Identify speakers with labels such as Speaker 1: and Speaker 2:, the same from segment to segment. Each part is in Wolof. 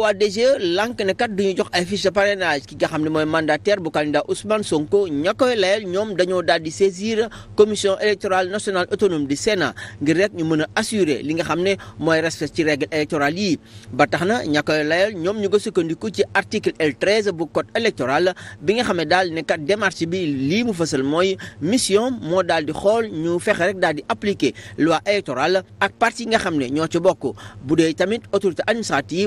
Speaker 1: waa DGE lànk ne kat duñu jox ay fiche de parrainage ki nga xam ne mooy mandataire bu candidat Ousmane Sonko ña koy layal ñoom dañoo daal di saisir commission électorale nationale autonome du Sénat ngir rek ñu mën a assurer li nga xam ne mooy respect ci règle électorale yi ba tax na ña koy layal ñoom ñu nga sukkandiku ci article L13 bu code électoral bi nga xam ne daal ne kat démarche bi lii mu fësal mooy mission moo daal di xool ñu fexe rek daal di appliquer loi électorale ak parti yi nga xam ne ñoo ci bokk bu dee tamit autorité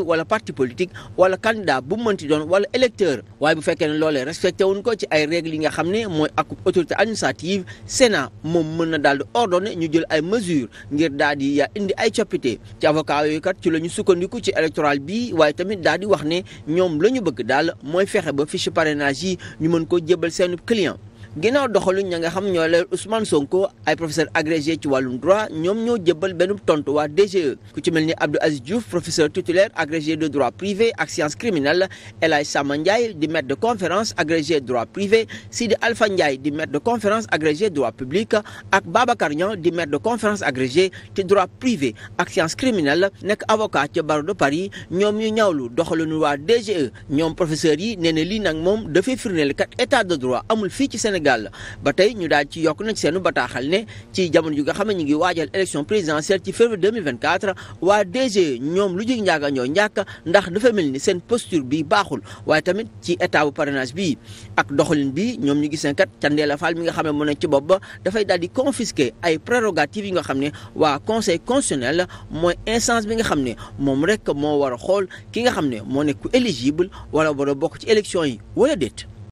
Speaker 1: wala politique wala candidat bu mu mënti doon wala électeur waaye bu fekkee ne loolee respecté wuñ ko ci ay règles yi nga xam ne mooy ak autorité administrative Sénat moom mën na daal di ordonné ñu jël ay mesures ngir daal di yaa indi ay coppite ci avocat yooyu kat ci la ñu sukkandiku ci électoral bi waaye tamit daal di wax ne ñoom la ñu bëgg daal mooy fexe ba fiche parrainage yi ñu mën ko jébal seen client ginnaaw doxaluñ ña nga xam ñoo leen Ousmane Sonko ay professeur agrégé ci wàllum droit ñoom ñoo jëbbal benn tontu waa DGE ku ci mel ni Abdou Aziz Diouf professeur titulaire agrégé de droit privé ak sciences criminelles El Hadj Sama Ndiaye di maître de conférence agrégé droit privé Sidi Alpha Ndiaye di maître de conférence agrégé droit public ak Babacar Niang di maître de conférence agrégé ci droit privé ak sciences criminelles nekk avocat ca barreau de Paris ñoom ñu ñaawlu doxalinu waa DGE ñoom professeur yi nee lii nag moom dafay firndeel kat état amul fii ci Sénégal Sénégal la ba tey ñu daal ci yokk nañ seenu bataaxal ne ci jamono ju nga xam ne ñu ngi waajal élection présidentielle ci février 2024 waa DG ñoom lu jig njaaga ñoo njàkk ndax dafa mel ni seen posture bi baaxul waaye tamit ci état bu parrainage bi ak doxalin bi ñoom ñu gis ne kat Thiendella Fall mi nga xam ne mën na ci bopp ba dafay daal di confisquer ay prérogatives yi nga xam ne waa conseil constitutionnel mooy instance bi nga xam ne moom rek moo war a xool ki nga xam ne moo nekk ku éligible wala war bokk ci élection yi